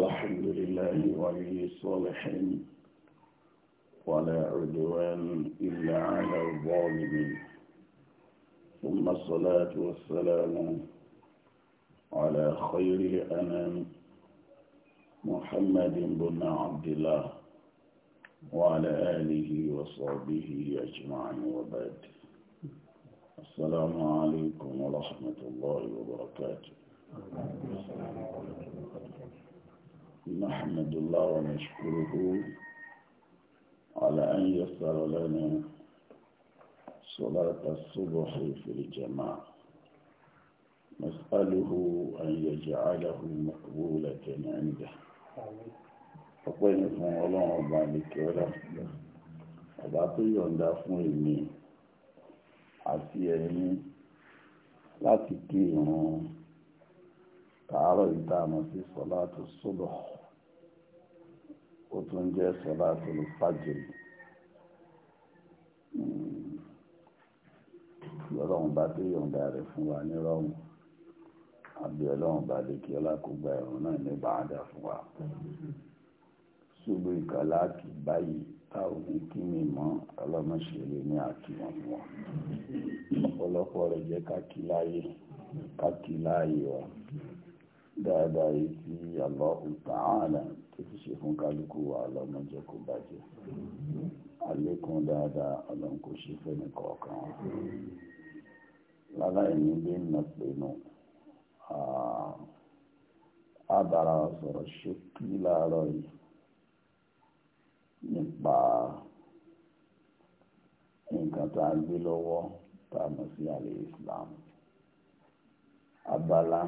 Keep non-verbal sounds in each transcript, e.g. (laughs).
الحمد لله ولي الصالحين ولا عدوان إلا على الظالمين ثم الصلاة والسلام على خير الأنام محمد بن عبد الله وعلى آله وصحبه أجمعين وبعد السلام عليكم ورحمة الله وبركاته نحمد الله ونشكره على أن يسر لنا صلاة الصبح في الجماعة نسأله أن يجعله مقبولة عنده ọpẹ́ni fún الله ọba nìkẹ́ọ́lá ọba tó yọ̀ǹda fún èmi àti ẹ̀yin tààrọ̀ ìdáàmọ̀ sí sọ́láàtù sọ́lọ̀ ó tún jẹ́ sọ́láàtù fàjìrì lọ́lọ́run bá dé yọ̀ǹda rẹ̀ fún wa ní rọ́rùn àbí ọlọ́run bá lè kí ọlákùgbà ẹ̀rùn náà ní bàádà fún wa ṣùgbọ́n ìkàlá kì báyìí táwọn kí mi mọ́ ọlọ́mọṣẹ́lẹ̀ ní àkíwọ̀n wọn ọ̀pọ̀lọpọ̀ rẹ̀ jẹ́ kákìláyé kákìláyé wa dada yìí tí Allahu Ta'ala tó fi ṣe fún kálukú wa ọlọ́mọjẹ kò bàjẹ́ àlékún dáadáa ọlọ́run kò ṣe fẹ́ni kọ̀ọ̀kan wa láláì ní bí nà pinnu á sọ̀rọ̀ ṣókí láàárọ̀ yìí nípa nǹkan tá a gbé lọ́wọ́ tá a mọ̀ sí àlè Islam abala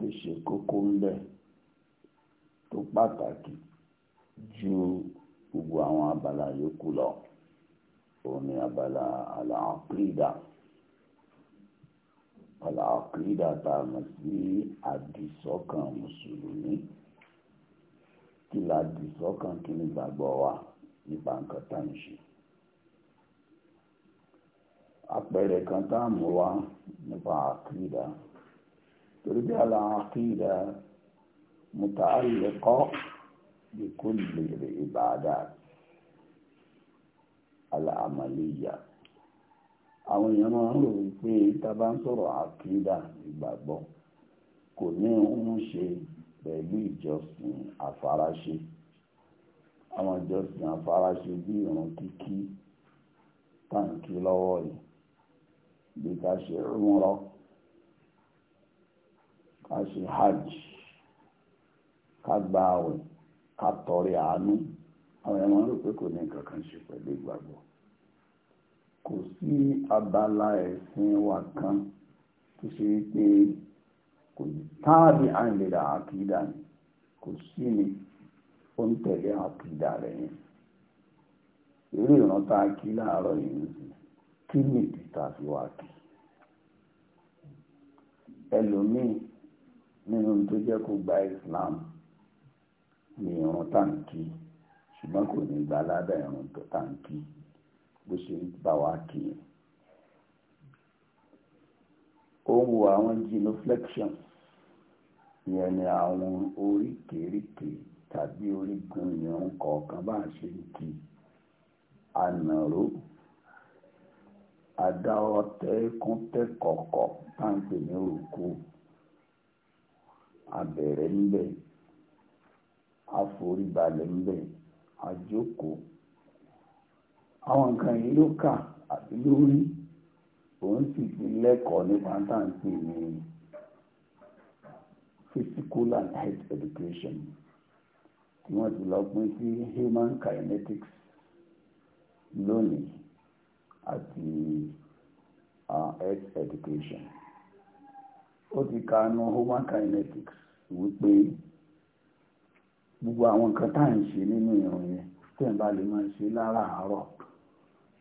tó ṣe kókó ń bẹ tó pàtàkì ju gbogbo àwọn abala yòókù lọ òun ni abala àlàákìdá àlàákìdá tá a mọ̀ sí àdìsọ́kàn mùsùlùmí kí la dìsọ́kàn kí ni gbàgbọ́ wa nípa nǹkan tá ń ṣe àpẹẹrẹ kan tá a mú wa nípa àkìdá. ترجع العقيدة متعلقة بكل العبادات العملية àwọn èèyàn máa ń rò wípé tá a bá ń sọ̀rọ̀ àkídà ìgbàgbọ́ kò ní ń ṣe pẹ̀lú ìjọsìn àfaraṣe àwọn ìjọsìn àfaraṣe bí ìrun kíkí táǹkì lọ́wọ́ yìí bí ká ṣe rúnrọ́ ká ṣe hajj ká gba àwẹ̀ ká tọrẹ àánú àwọn ẹ̀wọ̀n rò pé kò ní nǹkan kan ṣe pẹ̀lú ìgbàgbọ́ kò sí abala ẹ̀sìn wa kan tó ṣe wípé kò táàbí àìlera àkìdá ni kò sí ni ó ń tẹ̀lé àkìdá rẹ̀ yẹn eré ìrántá kí láàárọ̀ yìí kí nìdí tá a fi wá kí ẹlòmíì nínú tó jẹ́ kó gba Islam ní irun táǹkì ṣùgbọ́n kò ní gba aládà irun tó táǹkì bó ṣe bá wa kì í. ó ń wo àwọn genuflexion ìyẹn ni àwọn oríkèéríkèé tàbí orígun irun kọ̀ọ̀kan bá ṣe ń kì í. ànàró adáwọ́tẹ́kùntẹ́kọ̀ọ̀kọ̀ táǹkì ní òkú abẹ̀rẹ̀ ńbẹ̀ àforíbalẹ̀ ńbẹ̀ àjókòó àwọn nǹkan yìí ló kà àti lórí òun sì ti lẹ́kọ̀ọ́ nípa táǹtì ní physical and health education tí wọ́n ti lọ pín sí human kinetics lónìí àti uh, health education. ó ti ka human kinetics wípé gbogbo àwọn nǹkan tá à ń ṣe nínú yẹn bá lè máa ṣe láràárọ̀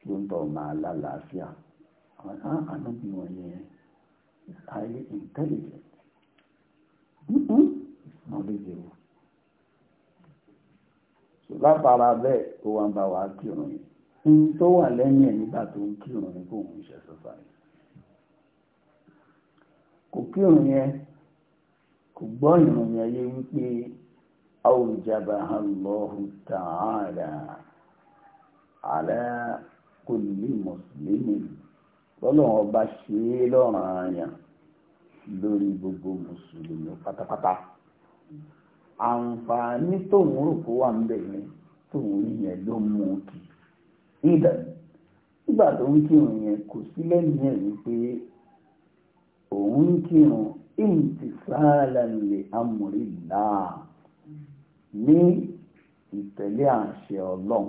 ló ń tọ̀ máa lálàáfíà àánúbí is highly intelligent knowledgeable so bẹ́ẹ̀ wa kírun yìí tó wà lẹ́yìn ẹ̀ nígbà tó ń kò kírun yẹn kò gbọ́ ìrùn yẹn yé wípé awjabaha Allahu ala kulli muslimin lọ́lọ́run ọba ṣe é lọ́ranyàn lórí gbogbo mùsùlùmí pátápátá àǹfààní tóun rò kó wà ń bẹ̀ yẹn tóun yẹn ló mú un kì í kò sí yẹn òun ń kírun intisalan li amrillah ní ìtẹ̀lé àṣẹ ọlọ́run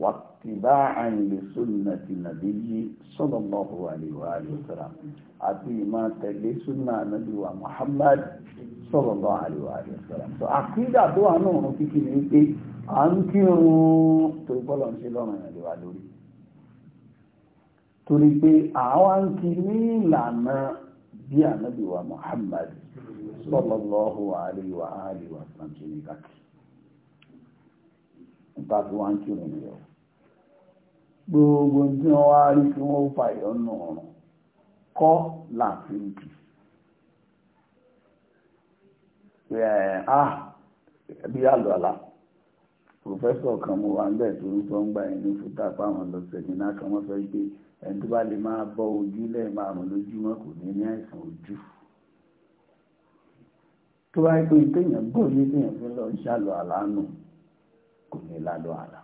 wattiba'an li sunnati nabiyyi sallallahu alaihi wa sallam àti ìmá tẹ̀lé súnà nàbí wa muhammad sallallahu alaihi wa sallam so àkídà tó wà náà rún kíkí ní pé à ń kírun torí bọ́lọ̀ ń ṣe lọ́rùn ìrìnàlẹ́wà lórí torí pé àwọn kí ní ìlànà bí ànábì wa Muhammad sallallahu alaihi wa alihi wa sallam ṣe ní káàkiri nípa tí wọ́n kí wọn yẹ gbogbo tí wọ́n wá rí kí wọ́n fà yọ nù kọ́ láàfin kì bí kan ń bẹ̀ tó ń ẹni ẹni tó bá lè máa bọ ojú lẹ́yìn márùn lójúmọ́ kò ní ní àìsàn ojú tó bá pé téèyàn gbọ́ yé téèyàn fi lọ ṣàlọ́ àlánù kò ní lálọ́ àlá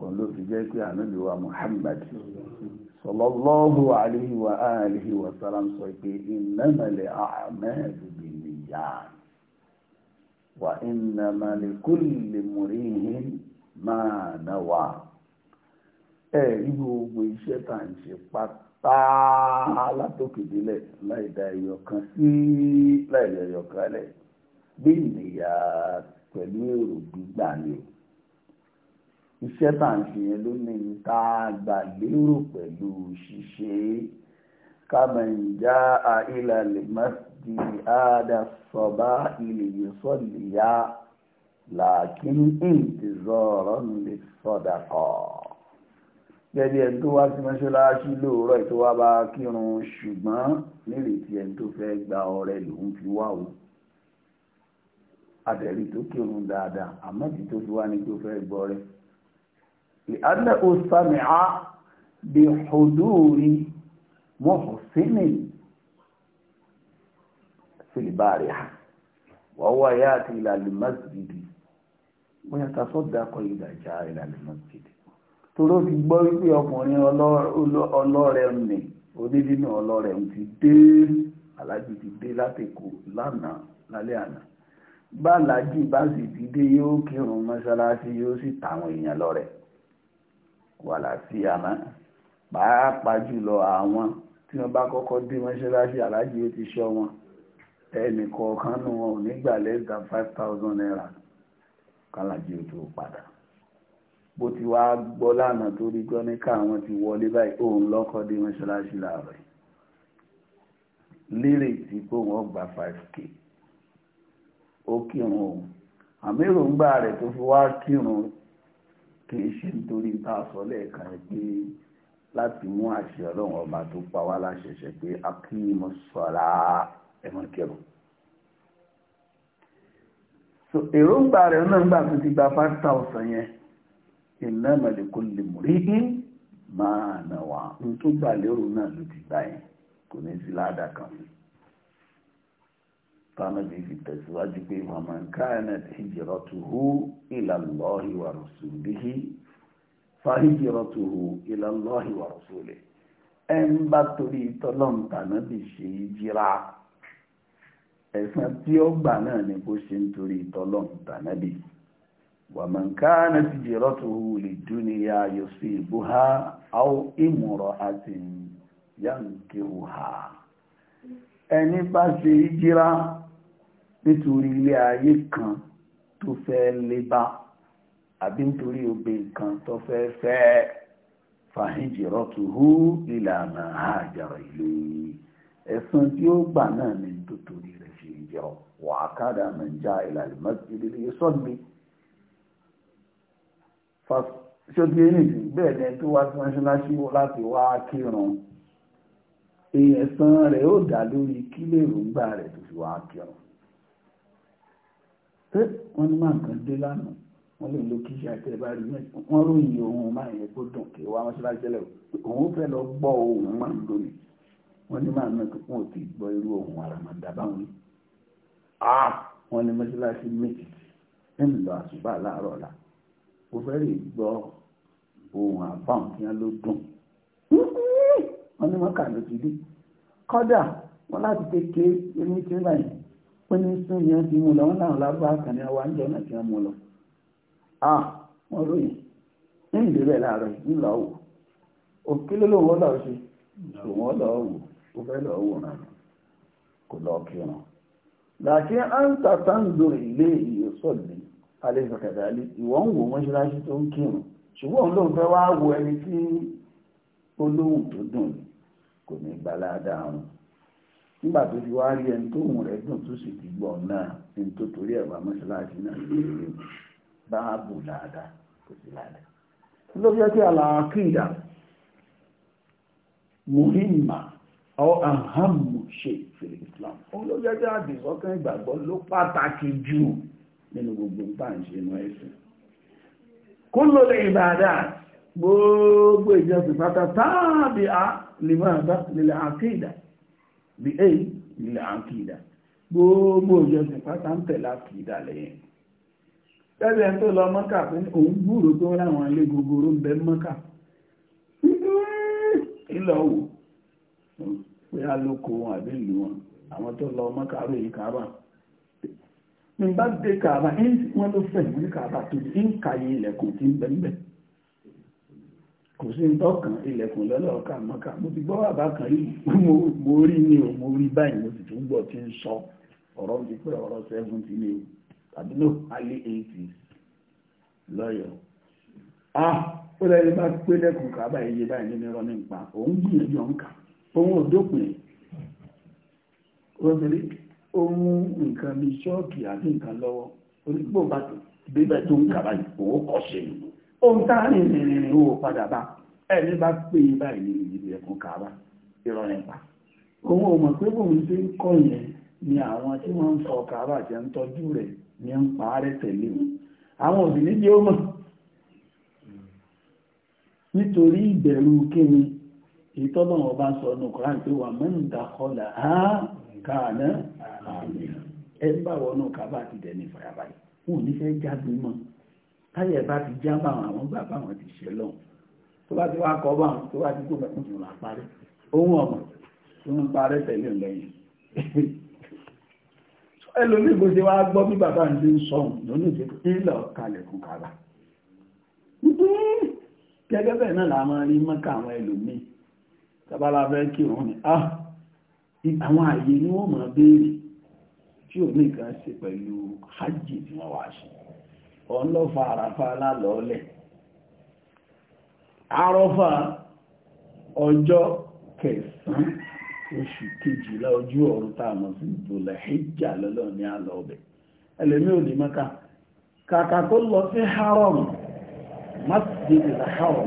òun ló fi jẹ́ pé ànábì wa Muhammad sallallahu alayhi wa alihi wa sallam sọ pé innamal a'malu binniyat wa innamal kulli mri'in ma nawa ẹ irú gbogbo iṣẹ́ tá à ń ṣe pátá látòkèdélẹ̀ láì dá ẹyọ kan sí láì dá ẹyọ kan lẹ̀ bí ìnìyà pẹ̀lú èrò gbígbà ni o iṣẹ́ tá à ń ṣe yẹn ló ní tá gbà lérò pẹ̀lú ṣíṣe kàmẹ̀ǹjà àìlà lè má di àdá sọ̀bá ìlèyè sọ̀lìyà làákín ìǹtìzọ̀rọ̀ lè sọ̀dà kọ̀ gẹ́gẹ́ bí ẹni tó wá sí mọ́ṣáláṣí lóòrọ̀ ètò wa bá kírun ṣùgbọ́n nírètí ẹni tó fẹ́ gba ọrẹ lòun fi wá o àtẹ̀rí tó kírun dáadáa àmọ́ tí tó fi wá ní tó fẹ́ gbọ́ rẹ̀ ìhádẹ́ ó sàmì á bí hudúrí mọ́hùsínì sílìbárì á wọ́wọ́ yá àti ìlàlùmọ́sídìí wọ́n yàtọ̀ sọ́dọ̀ akọ ìdàjà ìlàlùmọ́sídìí toró ti gbọ́ wípé ọkùnrin ọlọ́rẹ̀ nì onídínà ọlọ́rẹ̀ ń ti dé alájì ti dé látẹ̀kọ́ lánàá lálẹ́ àná bá alájì bá sì ti dé yóò kírun mọ́ṣáláṣí yóò sì tàwọn èèyàn lọ́rẹ̀ wà láti àná pàápàá jùlọ àwọn tí wọ́n bá kọ́kọ́ dé mọ́ṣáláṣí alájì ó ti ṣọ́ wọn ẹnì kọ̀ọ̀kan nù wọn ò ní gbà less than five thousand naira kálájì ó tó padà bó ti wá gbọ́ lánàá tó rí gbọ́ ní káwọn ti wọlé báyìí òun lọ́kọ́ dé mọ́ṣáláṣí láàárọ̀ lérè tí pé wọ́n gba five k ó kírun òun àmì èròǹgbà rẹ̀ tó fi wá kírun kì í ṣe nítorí tá a sọ lẹ́ẹ̀kan pé láti mú àṣẹ ọlọ́run ọba tó pa wá láṣẹṣẹ pé akíyìmọ̀ sọ̀ra ẹ̀mọ́ kẹrù. èròǹgbà rẹ̀ náà gbà tó ti gba five yẹn innama likulli mri'in máa nà wá ohun tó gbà lérò náà ló ti gbà yẹn kò ní sí ládàá kan fún tánàbí fi tẹ̀síwájú pé waman kanat hijratuhu ila Allahi wa rasulihi fa hijratuhu ila Allahi wa rasulihi ẹ̀ ń bá torí tọ́lọ́mùtànàbí ṣe jíra ẹ̀sán tí ó gbà náà ni bó ṣe ń torí tọ́lọ́mùtànàbí. ومن كانت هجرته للدنيا يصيبها أو امرأة ينكرها ẹni bá ṣe ìjírá nítorí ilé ayé kan tó fẹ́ lébá àbí nítorí obè kan tó fẹ́ fẹ́ fàhíjìrọ́tùhú ìlànà àjàrà ìlú ẹ̀sùn tí ó gbà náà ni tó torí rẹ̀ ṣe ìjọ wàákàdà mẹ́jà ìlàlùmọ́ ìdílé sọ́gbìn ṣókè nìsí bẹ́ẹ̀ lẹ́ tó wá sí mọ́ṣáláṣí láti wá kírun èèyàn san rẹ̀ ó dá lórí kí lè rògbà rẹ̀ tó fi wá kírun pé wọ́n ní máa nǹkan dé lánàá wọ́n lè lo kí ṣàtẹ́ bá rí wọ́n ròyìn ohun máa yẹn kó dùn kí wá mọ́ṣáláṣí tẹ́lẹ̀ òun fẹ́ lọ gbọ́ ohun máa ń lónìí wọ́n ní máa náà kíkún ò ti gbọ́ irú ohun àràmàǹdà báwọn ní ah! wọ́n ní mọ́ṣáláṣí méjì ń lọ àṣùbà láàárọ̀ láà mo fẹ́rẹ̀ lè gbọ́ ohun àbáhùn kí wọ́n ló dùn wọ́n ní wọ́n kà ló ti dé kọ́dà wọ́n láti kékeré ní tí ń báyìí pé ní sún yẹn ti mú lọ wọ́n láwọn lábá àkànní àwọn àjọ náà ti mú lọ ah wọ́n ròyìn ní ìlú láàárọ̀ ńlọ wò lọ ṣe lọ wò ó fẹ́ lọ wò alẹ́sọ̀ kàdálí ìwọ ń wò mọ́ṣáláṣí tó ń kírun ṣùgbọ́n lóun fẹ́ wá wo ẹni tí olóhùn tó dùn kò ní gbalada wọn nígbà tó fi wá rí ẹni tó hùn rẹ̀ dùn tó sì ti gbọ́ náà ní tó torí ẹ̀wà mọ́ṣáláṣí náà ní ìlú báàbù dáadáa kò sí dáadáa ló fi ọtí àlàákìdà muhimma ọ ahamu ṣe fèrè Islam ó ló fi ọtí àdìsọ́kàn ìgbàgbọ́ ló pàtàkì jù. nínú gbogbo táàṣe inú ẹ̀sìn kó ló lè gbogbo ìjọsìn pátá tàbí a lè àkídà bí àkídà gbogbo ìjọsìn pátá ń tẹ̀lé àkídà lẹ́yìn tẹ́lẹ̀ tó lọ mọ́kà òun gbúrò tó ráwọn ilé gbogbo bẹ mọ́kà pé a àbí ìlú wọn àwọn tó lọ ní mm. bá dé kààbà wọ́n ló fẹ́ ní kààbà tó ti ń kàyé ilẹ̀kùn tí ń bẹ̀m̀bẹ̀ kò sí ń tọ́kàn ilẹ̀kùn lọ́lọ́ọ̀ká mọ́ká mo ti gbọ́ bàbá kan rí mo rí ní o mo rí báyìí mo sì tún gbọ́ tí ń sọ ọ̀rọ̀ ti pé ọ̀rọ̀ 70 ní o tàbí no alẹ́ 80 lọ́yọ̀ ah ó lẹ́yìn bá pé lẹ́kùn kààbà iye báyìí nínú irọ́ nípa òun gbìyànjú ọ̀nkà òun ò dópin ó ń fi ó mú nǹkan bíi ṣọ́ọ̀kì àti nǹkan lọ́wọ́ onígbò bá tó bíbẹ̀ tó ń kàbà ìfowó kọ̀ ṣe ni ó ń tá rìn rìn rìn rìn owó padà bá ẹni bá pè é báyìí ní ìdílé ẹ̀kún kàbà irọ́ nípa òun ò mọ̀ pé bóun ṣe ń kọ́ yẹn ni àwọn tí wọ́n ń sọ kàbà jẹ́ ń tọ́jú rẹ̀ ní ń pa á rẹ̀ tẹ̀lé wọn àwọn òbí níjẹ́ ó nítorí ìbẹ̀rù kíni ìtọ́lọ́wọ́ bá sọ nù kọ́ra káàná àmì ẹ ń bá wọnú kábà ti dẹni fàyàbàyà wọn ò ní fẹ́ jágun mọ́ táyẹ̀ bá ti já bá àwọn àwọn bàbá wọn ti ṣe lọ́hùn tó bá ti wá kọ́ bá wọn tó bá ti kó bẹ́ẹ̀ kún ìrìn àparí ohun ọ̀mọ̀ tó ń parẹ́ tẹ̀lé lẹ́yìn (laughs) ẹlòmíì bó ṣe wá gbọ́ bí bàbá ń ṣe ń sọ̀hún lónìí ṣe ilẹ̀ ọ̀kalẹ̀kùn kàrà gẹ́gẹ́ bẹ́ẹ̀ náà làwọn rí mọ́kà àwọn ẹlòmíì tábàlà kí òun ni ah àwọn àyè ni wọ́n máa tí ò ní ṣe pẹ̀lú hajji tí wọ́n wá ṣe ọ̀n lọ fa àràfà lálọ́ọ̀lẹ̀ àrọ́fà ọjọ́ kẹsàn-án oṣù kejìlá ojú ọ̀run tá a mọ̀ sí ìdòlẹ̀ hijja lọ́lọ́ ní alọ́ọ̀bẹ̀ ẹlẹ́mí mẹ́ka kàkà lọ sí haram masjid al-haram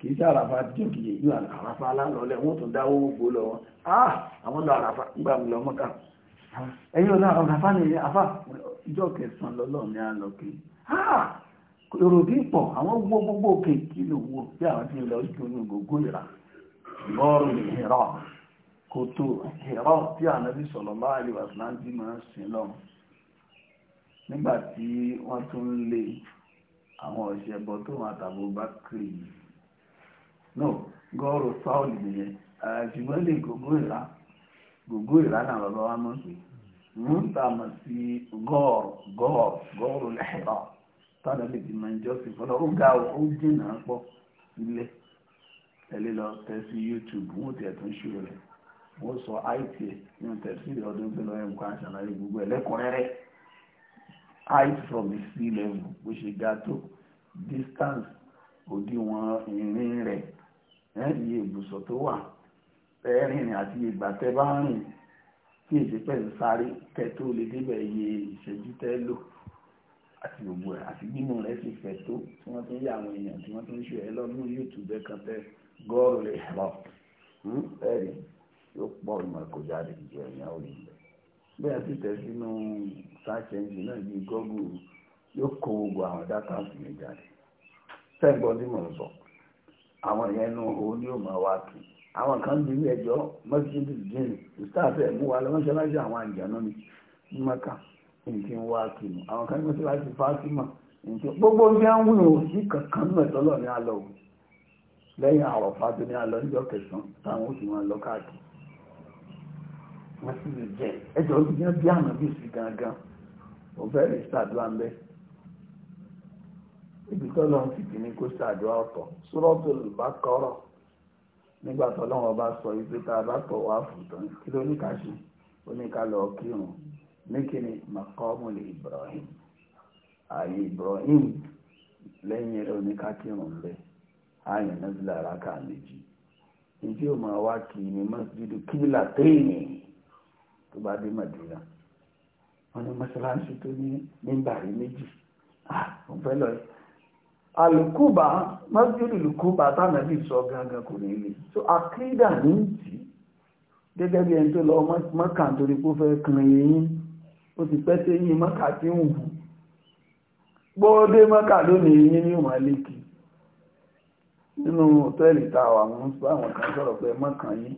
kìí sí àràfà jọ́kìyè yóò àràfà alálọ́lẹ̀ wọ́n tún dáwó gbogbo lọ ah àwọn lọ àràfà nígbà mi lọ mọ́ká ah! ẹ̀yìn ọ̀la àràfà ní ilé afá ìjọ kẹsàn lọ́lọ́ ní àlọ́kì ah ìròyìn pọ̀ àwọn wo gbogbo òkè kí ló wo bí àwọn ti lọ sí oní gbogbo ìrà lọ́rùn ìrọ̀ kòtò ìrọ̀ tí ànábì sọ̀rọ̀ bá àlèwà síláńtì máa kiri náà gọ́ọ̀rọ̀ sáọ́lì nìyẹn ṣùgbọ́n lè gògó ìlà gògó ìlà náà bàbá wa mọ̀ sí ń tà mọ̀ sí gọ́ọ̀rọ̀ gọ́ọ̀rọ̀ gọ́ọ̀rọ̀ lẹ́hìnrà tọ́lá lè ti máa ń jọ́ sí fọlọ́ ó ga ó jìnnà pọ̀ ilé tẹ̀lé lọ tẹ̀ sí YouTube wọ́n ti ẹ̀tún ṣú rẹ̀ wọ́n sọ àìtì nínú tẹ̀sílẹ̀ ọdún tó lọ si kan ṣàlàyé gbogbo height from the sea level bó ṣe ga tó distance òdiwọ̀n ìrìn iye ibùsọ̀ tó wà ẹ̀rìn àti ìgbà tẹ́ bá rìn kí èsì pẹ̀lú sáré kẹ tó lè débẹ̀ iye ìṣẹ́jú tẹ́ lò àti gbogbo ẹ̀ àti gbímọ̀ rẹ̀ sì fẹ̀ tó tí wọ́n ti ń yà àwọn èèyàn tí wọ́n ti ń ṣe ẹ lọ́dún YouTube kan tẹ gọ́ọ̀rù rẹ̀ lọ hmm, ẹ̀rìn yóò pọ̀ ìmọ̀ kò jáde ju ẹ̀yàn orí rẹ̀ bẹ́ẹ̀ sì tẹ̀ sínú search engine náà bíi Google yóò kó gbogbo àwọn dátà sí mi jáde tẹ́ gbọ́dọ̀ mọ̀ sọ̀rọ̀ àwọn ìyẹn nù òun ni ó mọ̀ wá kì àwọn kan ń bíi ẹjọ́ mọ́sídìí jìnnì ìsáfẹ́ mú wa lọ́mọ́ṣáláṣí àwọn àjànà ní mọ́kà nǹkan ń wá kì nù àwọn kan ní mọ́ṣáláṣí fásimà nǹkan gbogbo ń bí à ń wù ú sí kankan mẹ́tọ́lọ́ ní alọ́ òun lẹ́yìn àwọ̀fà tó ní alọ́ níjọ́ kẹsàn-án táwọn ó sì wọn lọ káàkiri wọ́n sì lè jẹ́ ẹjọ́ bí wọ́n bí àná bí sí gangan òun fẹ́ẹ́ lè ṣàdúrà ń bẹ́ẹ̀ ibi tọ́lọ ń fìdí ní kó ṣàdúrà ọ̀tọ̀ Suratul Baqara nígbà tọ́lọ́wọ́n bá sọ ibi tá a bá tọ̀ wá fún tán kí ló ní ká ṣe ó ní ní kí ni maqamul Ibrahim ààyè Ibrahim lẹ́yìn rẹ̀ ó ní ká kírun lẹ́ ààyè nàbìlà rákà méjì ìdí ò máa kì í ní masjidu kíbìlà téèmì tó bá dé Madina wọn ní mọ́ṣáláṣí tó ní nígbà rí méjì ah òun fẹ́ lọ yìí alùkúbà mọ́sílù lùkúbà tánàbí sọ gangan kò nílé so akídà ní tí gẹ́gẹ́ bí ẹni tó lọ mọ́kà torí pó fẹ́ kan eyín ó ti pẹ́ sí eyín mọ́kà tí ń wù gbọ́ọ́dé mọ́kà lónìí eyín ní ìwọ̀n lékì nínú hòtẹ́ẹ̀lì táwà wọn báwọn kan sọ̀rọ̀ pé mọ́kàn yìí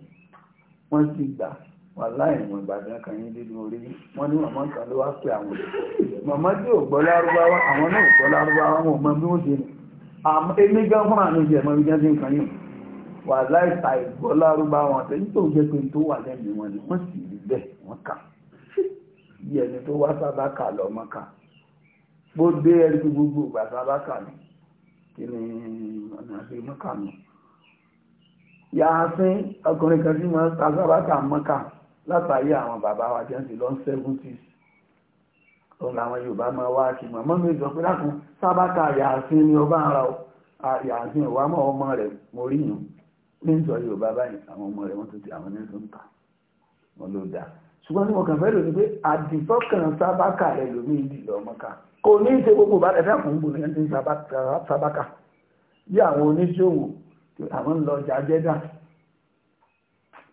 wọ́n sì gbà wà láì mọ̀ ìbàdàn kan yín dídún orí wọ́n ní màmá kan ló wá pé àwọn màmá tí ò gbọ́ lárúbáwá àwọn náà ò gbọ́ lárúbáwá wọn ò mọ bí wọ́n ṣe ní èmi gan fúnra mi jẹ́ mọ́ ìjẹ́ sí nǹkan yìí wà láì ṣàìgbọ́ lárúbáwá àtẹ́yìn tó jẹ́ pé tó wà lẹ́nu wọn ni wọ́n sì rí bẹ́ẹ̀ wọ́n kà bí ẹni tó wá sábà kà lọ mọ́ kà bó dé ẹni tó gbogbo ìgbà sábà kà ní kí ni ọ̀nà àti mọ́ ní yàá sín ọkùnrin kan sí wọn sábà kà mọ́ látàyé àwọn bàbá wa jẹ́ ti lọ seventies òun làwọn yorùbá máa wá kí màmá mi sọ pé lákùn sábàkà yàásín ni ọba ara o yàásín ìwà mọ́ ọmọ rẹ̀ mo rí yàn ní sọ yorùbá báyìí àwọn ọmọ rẹ̀ wọ́n tún ti àwọn ní tó ń ta wọn ló dáa ṣùgbọ́n tí mo kàn fẹ́ lò ní pé àdìsọ́kàn sábàkà rẹ̀ lómi ìdí lọ́mọ ká kò ní ṣe gbogbo bá ẹ̀fẹ́ fún gbogbo ní sábàkà bí àwọn oníṣòwò àwọn ń lọ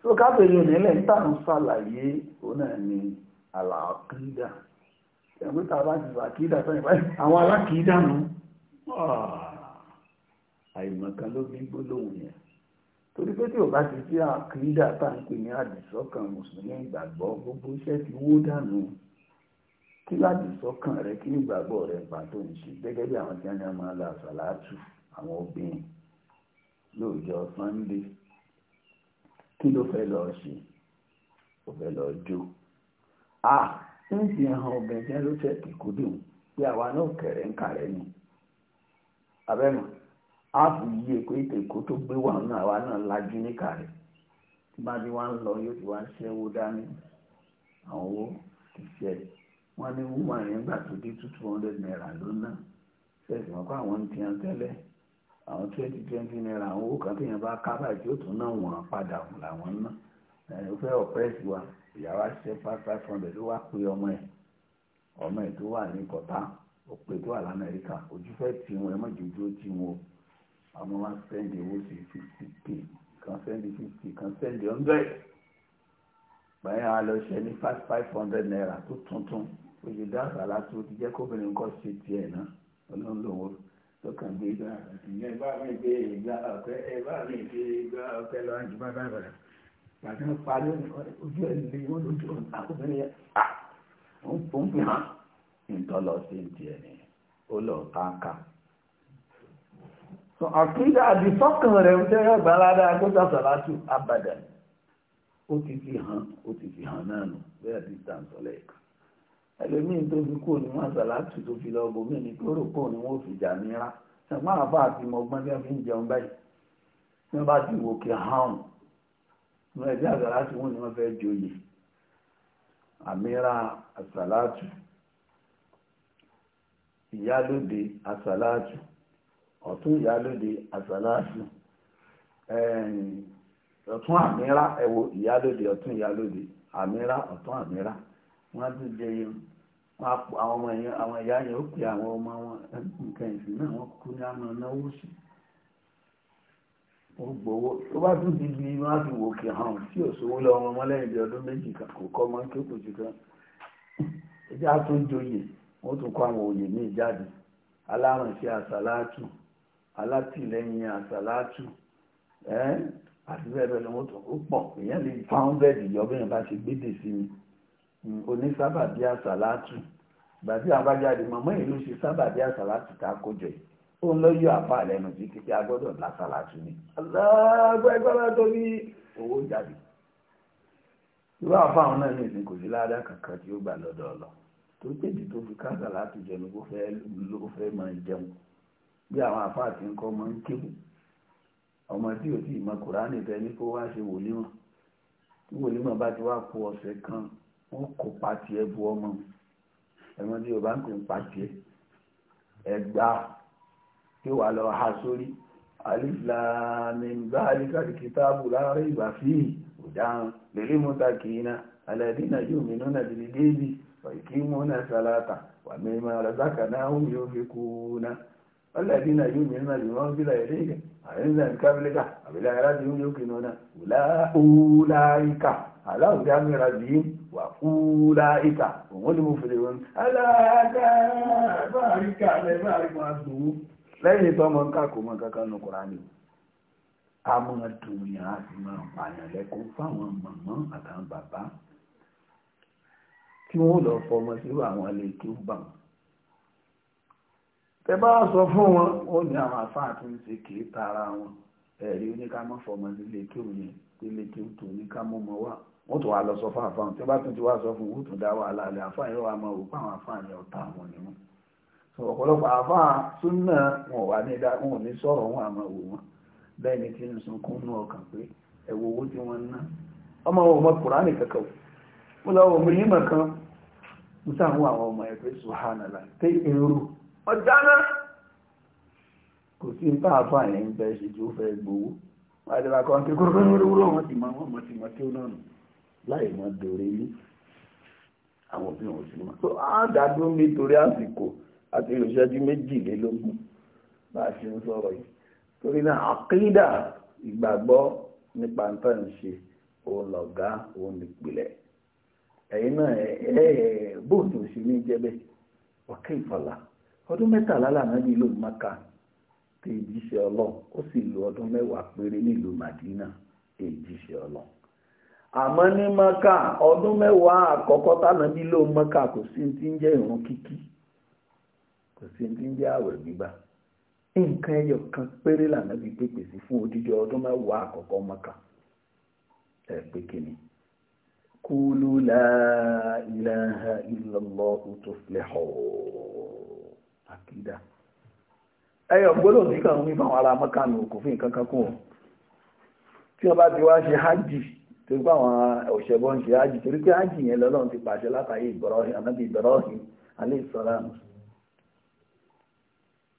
tó káàpẹ̀ yóò nílẹ̀ ń tàn sàlàyé òun náà ni àlàkídà ẹgbẹ́ tá a bá ti làkídà sọ́yìn báyìí àwọn alákìídà nù ah, àìmọ̀kan ló bí gbólóhùn yẹn torí pé tí ò bá ti sí àkídà tá à ń pè ní àdìsọ́kàn mùsùlùmí ìgbàgbọ́ gbogbo iṣẹ́ ti wó dànù kí ládìsọ́kàn rẹ kí ìgbàgbọ́ rẹ pàtó ń ṣe gẹ́gẹ́ bí àwọn tí wọ́n ní a la sàlátù àwọn obìnrin lóòjọ́ sunday kí ló fẹ́ lọ ṣe ó fẹ́ lọ jó à ń fi obìnrin tí wọ́n ló ṣe pé àwa náà kẹ̀rẹ́ ń kàrẹ́ ni abẹ́mọ̀ á fi yí epo ètò èkó tó gbé wà náà àwa náà lajú ní kàrẹ́ tí bá wá ń lọ yóò ti two hundred naira lónà wọn kó àwọn tẹ́lẹ̀. àwọn twenty twenty naira àwọn owó kan téèyàn bá ká báyìí tí ó tún náà wọ́n padà wọ́n làwọn ná ó fẹ́ ọ̀pẹ́sì wa ìyàwó àṣẹ five five hundred ló wá pé ọmọ ẹ̀ ọmọ ẹ̀ tó wà ní kọ̀tá ó pè tó wà lamẹ́ríkà ojú fẹ́ tì wọn ẹ má jù ojú ó tì wọn o ọmọ wa sẹ́ndì owó sí fifty k kan sẹ́ndì fifty kan sẹ́ndì hundred báyìí àwọn lọ ṣe ní five five hundred naira tó tuntun oṣù dáhùn àlá tó ti jẹ́ kóbìnrin kọ́ ṣe tiẹ̀ náà olóńlò wọn lọ́kàn gbé gbá ìyẹn bá mi gbé ìgbà ọ̀pẹ ẹ bá mi gbé ìgbà ọ̀pẹ lọ àjù bá bá bẹ̀rẹ̀ pàtó ń parí ojú ẹ̀ lé wọn lójú ọ̀nà àkóbẹ̀rẹ̀ yẹn à ń fún fi hàn ìtọ́lọ sí tiẹ̀ ni ó lọ káńká. sọ àkídà àdìsọ́kàn rẹ̀ ń tẹ́lẹ̀ gbàládà gbọ́dọ̀ sàlátù abàdàn ó ti fi hàn ó ti fi hàn náà nù bẹ́ẹ̀ ti tàn sọ́lẹ̀ kan ẹlòmíín tó fi kúrò ní mọ́sálásù tó fi lọ bòmí ní kúrò pò ní wọ́n fi jà níra ṣùgbọ́n àwọn àbá àti mọ̀gbọ́n tí wọ́n fi ń jẹun báyìí tí wọ́n bá ti wò kí hàn ní ẹgbẹ́ àsálátù wọn ni wọ́n fẹ́ joyè àmìra àsálátù ìyálóde àsálátù ọ̀tún ìyálóde àsálátù ọ̀tún àmìra ẹ̀wò ìyálóde ọ̀tún ìyálóde àmìra ọ̀tún àmìra wọ́n ti jẹun àwọn ìyá yẹn ó pè àwọn ọmọ wọn nǹkan ìsìn náà wọ́n kú ní àmọ́ náwó sí ó gbowó tó bá tún ti di wọ́n á fi wò kí hàn tí ò sówó lọ́wọ́ ọmọ lẹ́yìn bí ọdún méjì kan kò kọ́ máa ń kéèkó jù kan ẹjẹ́ á tún joyè wọ́n tún kọ́ àwọn òye ní ìjáde alárànṣẹ́ àsàlátù alátìlẹ́yìn àsàlátù ẹ́ àti bẹ́ẹ̀ bẹ́ẹ̀ lọ́wọ́ tó pọ̀ èèyàn lè fáwọn bẹ́ẹ̀dì yọ Mm, onísábàbí àsàlátù gbàtí àbájáde mọ̀mọ́ ìlú ṣe sábàbí àsàlátù tá a kójọ yìí ó ń lọ yọ àpá lẹ́nu sí kíkẹ́ agbọ́dọ̀ lásàlátù ni alágbẹ́gbẹ́rẹ́ tó ní owó jáde irú àpá àwọn náà ní ìsìn kò sí ládàá kankan tí ó gbà lọ́dọ̀ ọ̀lọ́ tó tèjì tó fi kásàlátù jẹ ni ó fẹ́ máa jẹun bí àwọn àpá àti nǹkan máa ń kéwù ọmọ tí ò tí ì mọ kùránì fẹ́ ní kó wá ṣe wòlímọ̀ tí wòlímọ̀ bá ti wá kó ọ̀sẹ̀ kan wọ́n kó pàtì ẹ bu ọmọ ẹ̀wọ̀n tí yorùbá ń pè ń pàtì ẹ ẹgbà tí wà lọ ha sórí aliflamimba alikitabu láàrin ìgbà fíì òdáhùn lèlé mọ́ta kìína alẹ́dínà yóò mìíràn náà dìde débi ويقيمون الصلاة ومما رزقناهم ينفقون والذين يؤمنون بما أنزل إليك وأنزل من قبلك وبالآخرة هم يوقنون أولئك aláwùjámi rabi wà kúlá ìkà òun ni mo fèrè wọn. aláàdá báàrí kàlẹ̀ báàrí máa dùn ún. lẹ́yìn tó ọmọ nǹkan kò mọ kankan nù Kùránì a máa dùn yàn á sì máa pààyàn lẹ́kọ̀ọ́ fáwọn màmá àtàwọn bàbá tí wọ́n lọ ẹ̀rí oníkámọ́ fọmọ nílé kéwù yẹn nílé kéwù tó oníkámọ́ mọ́ wá wọ́n tó wá lọ sọ fún àfáàn tí wọ́n bá tún ti wá sọ fún wọ́n tó dá wàhálà alẹ́ àfáàn yóò wá mọ òkú àwọn àfáàn yẹn ọ̀tá àwọn ni wọ́n sọ ọ̀pọ̀lọpọ̀ àfáàn súnà wọn ní dá wọn ò ní sọ̀rọ̀ wọn àmọ́ ni tí ọkàn pé ẹ wo owó tí wọ́n ná ọmọ wọn ọmọ kùránì kankan lọ àwọn kò sí ń tà fún àyẹ̀ ń fẹ́ ṣe tí ó fẹ́ gbowó wáyé bá kọ́ ń ké kúrúkúrú wọn ti máa wọ́n ti máa tí ó náà nù láì mọ́ dòrè ní àwọn òbí wọn sí mọ́. tó á dádó nítorí àsìkò àti ìrìnsẹ́jú méjìlélógún bá a ṣe ń sọ̀rọ̀ yìí torí náà àkídà ìgbàgbọ́ nípa ń tàn ṣe òun lọ̀gá òun nìpìlẹ̀ ẹ̀yin náà ẹ̀ bóòtù òṣèlú jẹ́ bẹ́ẹ̀ ọ̀kẹ́ ìfọ̀là ọdún mẹ́tàlá lànà nílò Mákà tí ìjíṣẹ́ ọlọ́run ó sì lo ọdún mẹ́wàá péré nílùú Madina ìjíṣẹ́ ọlọ́run àmọ́ ní maka ọdún mẹ́wàá àkọ́kọ́ tánàbí ló maka kò sí ti ń jẹ́ ìrun kíkí kò sí ti ń jẹ́ àwẹ̀ gbígbà nǹkan ẹyọ kan péré lànàbí pépè sí fún odidi ọdún mẹ́wàá àkọ́kọ́ ẹ pé ẹyọ gbọ́dọ̀ sí kàn wí fáwọn ará mọ́kànlá kò fi nǹkan kan kún ọ tí wọ́n bá ti wá ṣe hajj torí pé àwọn òṣèbọ ń ṣe hajj torí pé hajj yẹn lọ́lọ́run ti pàṣẹ látàrí Ibrahim ànábì Ibrahim alayhi salam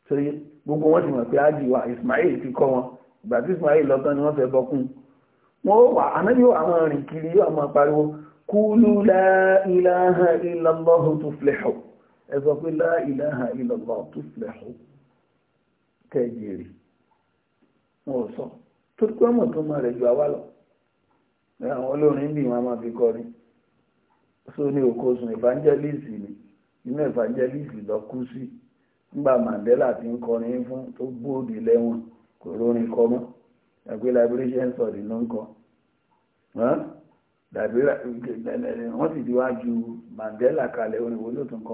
torí gbogbo wọn ti mọ̀ pé hajj wa Ismail ti kọ́ wọn ìgbà tí Ismail lọ́tọ́ ni wọ́n fẹ́ bọ́kún wọn ó wà ànábì àwọn rìn kiri yóò máa pariwo kúlú la ilaha illallah tuflihu ẹ sọ pé la ilaha illallah tuflihu. kẹjìrì wọn sọ torí pé ọmọ tó máa ju àwa lọ àwọn olórin bí wọn máa fi kọrin so ní okosun evangelist ni inú evangelist lọ kú sí nígbà Mandela ti ń kọrin fún tó gbòòdì lẹ́wọ̀n kò lórin kọ mọ́ ẹgbẹ́ liberation study ló ń kọ wọ́n ti wá ju Mandela kalẹ̀ orin wo ló tún kọ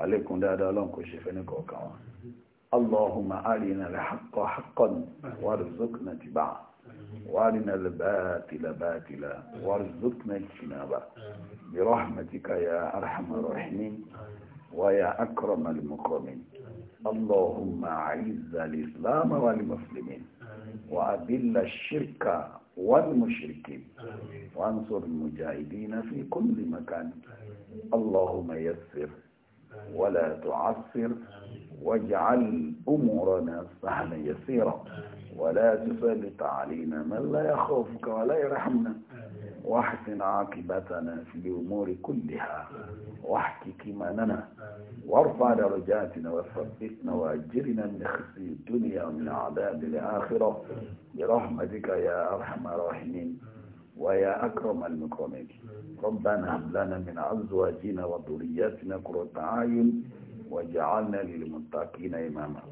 عليكم لا دا لون شيء فينك وكما اللهم أرنا الحق حقا وارزقنا اتباعه وارنا الباطل باطلا وارزقنا اجتنابه برحمتك يا أرحم الراحمين ويا أكرم المكرمين اللهم أعز الإسلام والمسلمين وأذل الشرك والمشركين وانصر المجاهدين في كل مكان اللهم يسر ولا تعسر واجعل أمورنا سهلا يسيرا ولا تسلط علينا من لا يخافك ولا يرحمنا واحسن عاقبتنا في الأمور كلها واحكي كماننا وارفع درجاتنا وثبتنا وأجرنا من خزي الدنيا ومن عذاب الآخرة برحمتك يا أرحم الراحمين ويا أكرم المكرمين ربنا هب لنا من أزواجنا وذرياتنا قرة أعين وجعلنا للمتقين إماما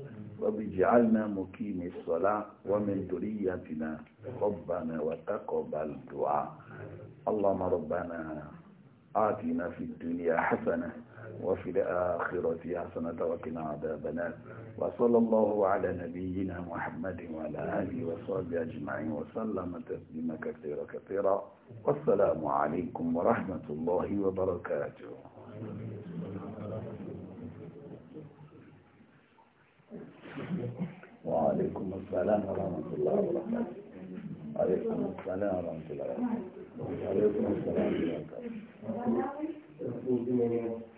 وبجعلنا مقيم الصلاة ومن ذريتنا ربنا وتقبل دعاء اللهم ربنا آتنا في الدنيا حسنة وفي الآخرة حسنة وقنا عذاب النار وصلى الله على نبينا محمد وعلى آله وصحبه أجمعين وسلم تسليما كثيرا كثيرا والسلام عليكم ورحمة الله وبركاته وعليكم السلام ورحمة الله وبركاته عليكم السلام ورحمة الله وبركاته عليكم السلام ورحمة الله وبركاته